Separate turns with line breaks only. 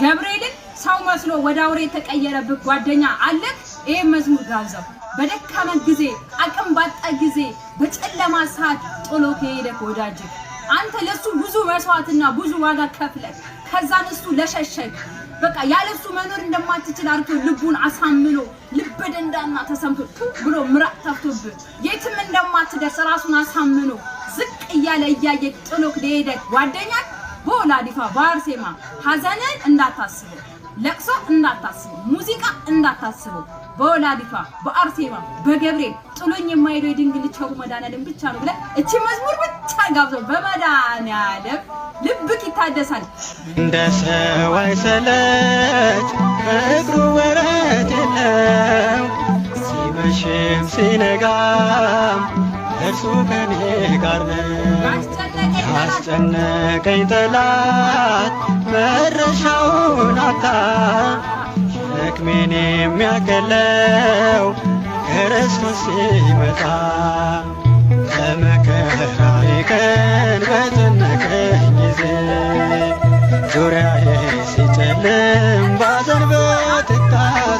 ገብርኤልን ሰው መስሎ ወደ አውሬ የተቀየረብህ ጓደኛ አለ? ይህ መዝሙር ጋብዘው። በደካመ ጊዜ፣ አቅም ባጣ ጊዜ፣ በጨለማ ሰዓት ጥሎ ከሄደ ወዳጅ አንተ ለሱ ብዙ መስዋዕትና ብዙ ዋጋ ከፍለህ ከዛን እሱ ለሸሸግ በቃ ያለሱ መኖር እንደማትችል አርቶ ልቡን አሳምኖ ልብ ደንዳና ተሰምቶ ብሎ ምራቅ ተፍቶብህ የትም እንደማትደርስ ራሱን አሳምኖ ዝቅ እያለ እያየ ጥሎክ ለሄደ ጓደኛ ሆላዲፋ በአርሴማ ሀዘንን እንዳታስበው፣ ለቅሶ እንዳታስበው፣ ሙዚቃ እንዳታስበው። በወላዲፋ በአርሴማ በገብርኤል ጥሎኝ የማይሄዱ የድንግል ቸሩ መድኃኒዓለም ብቻ ነው ብለን እቺ መዝሙር ብቻ ጋብዞ በመድኃኒዓለም ልብክ ይታደሳል።
እንደ ሰው አይሰለች እግሩ ወረት የለው ሲመሽም ሲነጋም እርሱ ከኔ ጋር ነው።
ያስጨነቀኝ ጠላት መረሻውን አጣ።
ሸክሜን የሚያቀለው ክርስቶስ ሲመጣ በመከራዬ ቀን በጨነቀኝ ጊዜ ዙሪያዬ ሲጨልም ባዘን በትካዜ